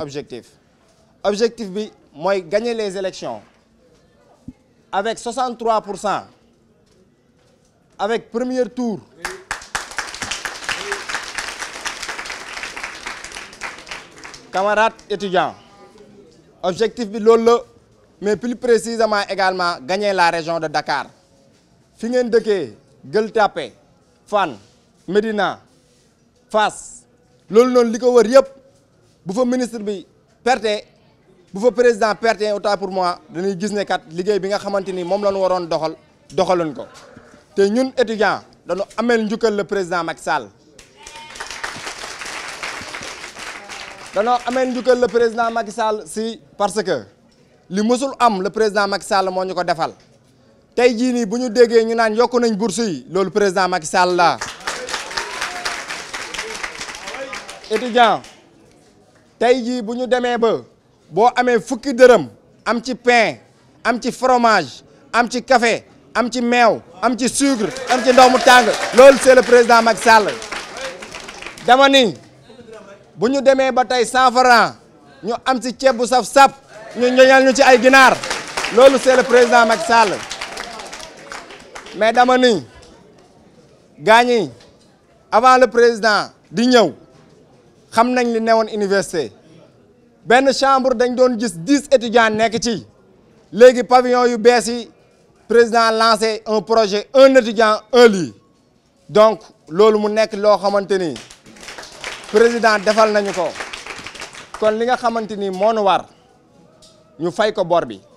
objectif objectif bi gagner les élections avec 63 avec premier tour camarades étudiants objectif B loolu mais plus précisément également gagner la région de Dakar fi ngeen dëkkee Gueule Medina, Fan, Medina, Fass loolu bu fa ministre bi perte bu fa président perte autant pour moi dañuy gis ne kat liggéey bi nga xamante ni moom la ñu waroon doxal doxaluñ ko te ñun étudiants dañu ameel njukkal le président Macky Sall. danoo ameel njukkal le président Macky Sall si parce que li mësul am le président Macky Sall moo ñu ko defal tey jii nii bu ñu déggee ñu naan yokku nañ bourse yi président Macky Sall la étudiant tey si bu ba boo un fukki am pain un petit fromage am ci café am ci mew, am ci sucre am ci tang, c'est le président Macky dama ni buñu démé ba francs ñu am ci saf sap, ñu ñu ci ay c'est le président Macky mais dama ni avant le président di xamnañ li newoon université Ben chambre dañ doon gis 10 étudiants nek ci légui pavillon yu bési président lancé un projet un étudiant un lit donc lolu mu nek lo xamanteni président defal nañu ko kon li nga xamanteni mo nu war ñu fay ko bor bi.